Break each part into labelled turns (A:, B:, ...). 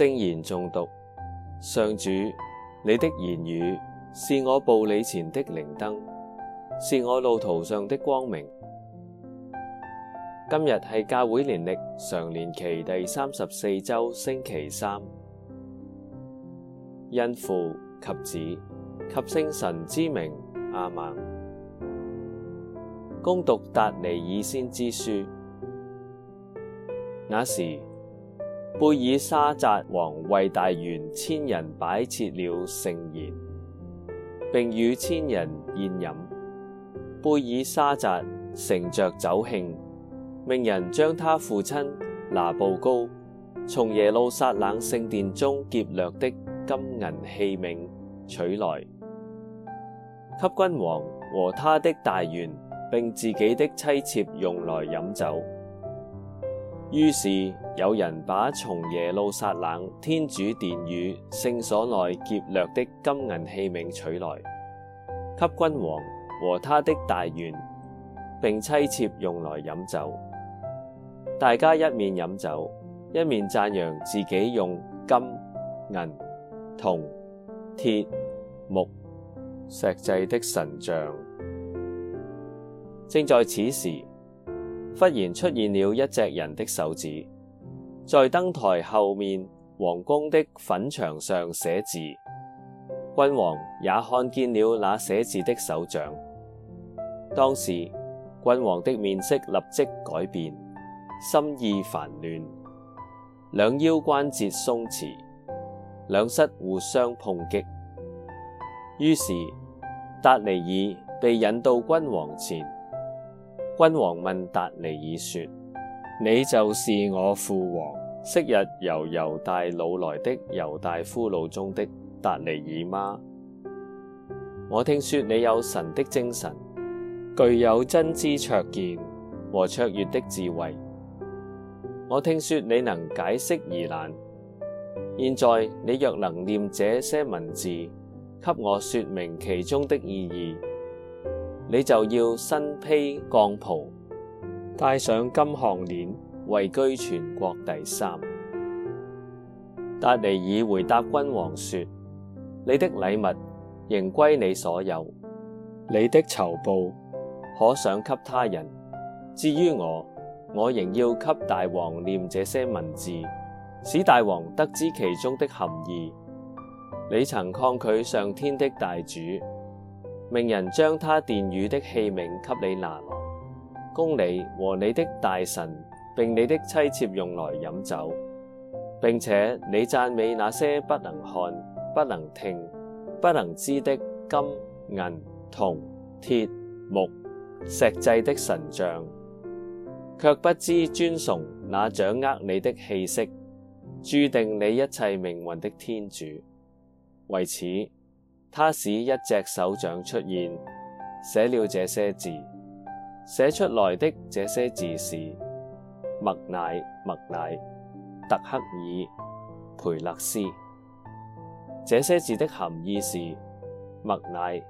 A: 聖言誦讀。上主，你的言語是我步你前的靈燈，是我路途上的光明。今日係教會年曆常年期第三十四周星期三，因父及子及聖神之名阿，阿們。恭讀達尼爾先知書，那時。貝耳沙匝王為大員千人擺設了盛筵，並與千人宴飲。貝耳沙匝乘着酒興，命人將他父親拿步高從耶路撒冷聖殿中劫掠的金銀器皿取來，給君王和他的大員並自己的妻妾用來飲酒。於是有人把從耶路撒冷天主殿宇聖所內劫掠的金銀器皿取來，給君王和他的大員，并妻妾用來飲酒。大家一面飲酒，一面讚揚自己用金、銀、銅、鐵、鐵、木、石製的神像。正在此時。忽然出現了一隻人的手指，在燈台後面王宮的粉牆上寫字。君王也看見了那寫字的手掌。當時君王的面色立即改變，心意煩亂，兩腰關節鬆弛，兩膝互相碰擊。於是達尼爾被引到君王前。君王問達尼爾說：你就是我父王昔日由猶大擄來的猶大俘虜中的達尼爾嗎？我聽說你有神的精神，具有真知灼見和卓越的智慧。我聽說你能解釋疑難。現在你若能念這些文字，給我說明其中的意義。你就要身披絳袍，戴上金項鏈，位居全國第三。達尼爾回答君王說：「你的禮物仍歸你所有，你的酬報可賞給他人。至於我，我仍要給大王念這些文字，使大王得知其中的含義。你曾抗拒上天的大主。命人將他殿宇的器皿給你拿來，供你和你的大臣，並你的妻妾用來飲酒，並且你讚美那些不能看、不能聽、不能知的金、銀、銅、鐵、木、石製的神像，卻不知尊崇那掌握你的氣息、注定你一切命運的天主。為此，他使一隻手掌出現，寫了這些字，寫出來的這些字是默乃、默乃、特刻耳、培勒斯。這些字的含義是默乃，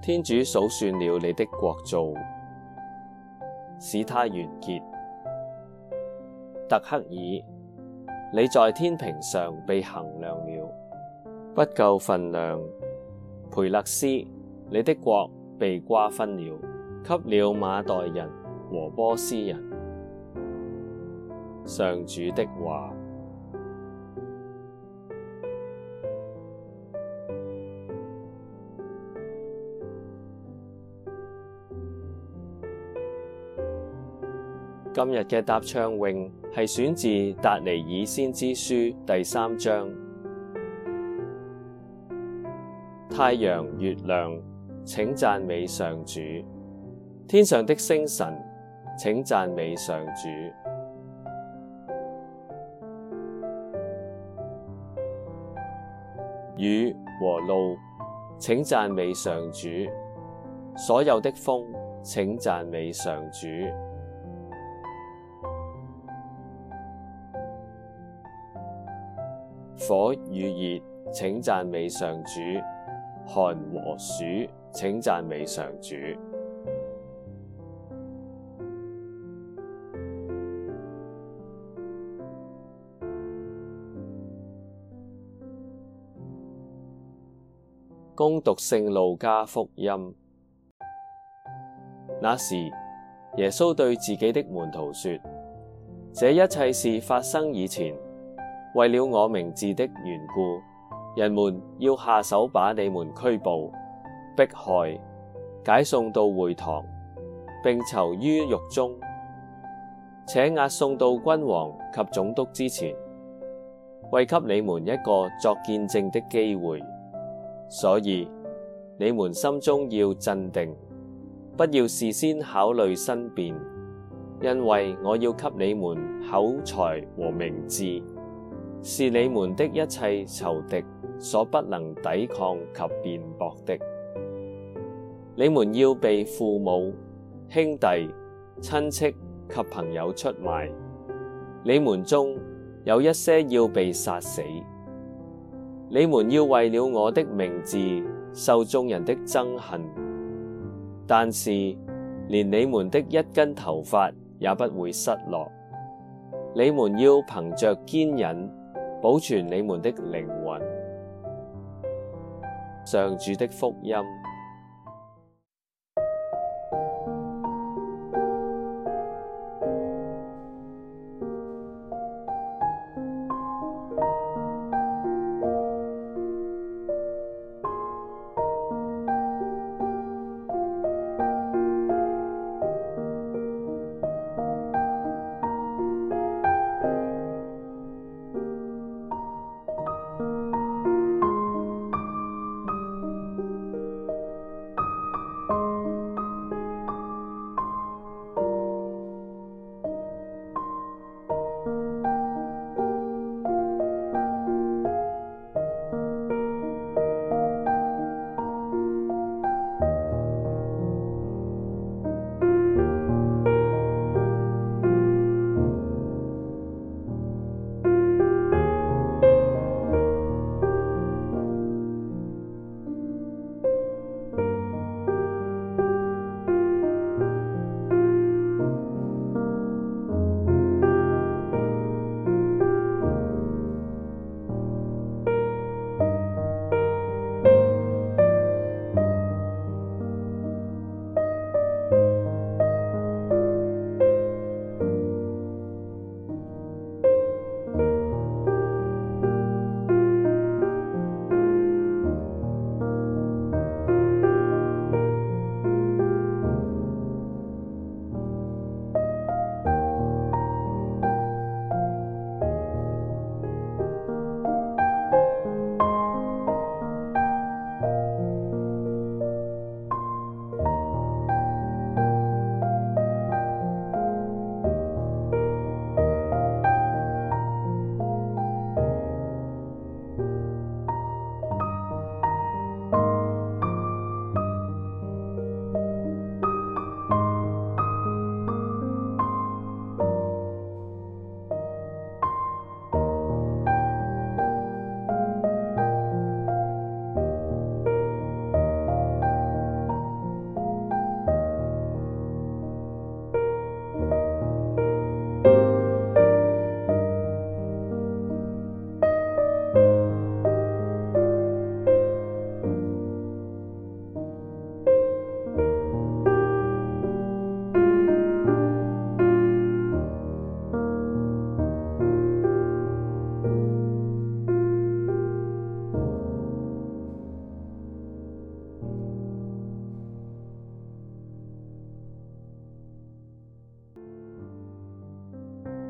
A: 天主數算了你的國祚，使它完結。特刻耳，你在天秤上被衡量了，不夠分量。培勒斯，你的國被瓜分了，給了瑪待人和波斯人。上主的話。今日嘅答唱詠係選自達尼爾先知書第三章。太陽、月亮，請讚美上主；天上的星辰，請讚美上主；雨和露，請讚美上主；所有的風，請讚美上主；火與熱，請讚美上主。寒和暑，請讚美上主。恭讀聖路加福音，那時耶穌對自己的門徒說：「這一切事發生以前，為了我名字的緣故。人們要下手把你們拘捕、迫害、解送到會堂，並囚於獄中，且押送到君王及總督之前，為給你們一個作見證的機會。所以，你們心中要鎮定，不要事先考慮申辯，因為我要給你們口才和明智。是你們的一切仇敵所不能抵抗及辯駁的。你們要被父母、兄弟、親戚及朋友出賣，你們中有一些要被殺死。你們要為了我的名字受眾人的憎恨，但是連你們的一根頭髮也不會失落。你們要憑着堅忍。保全你們的靈魂。上主的福音。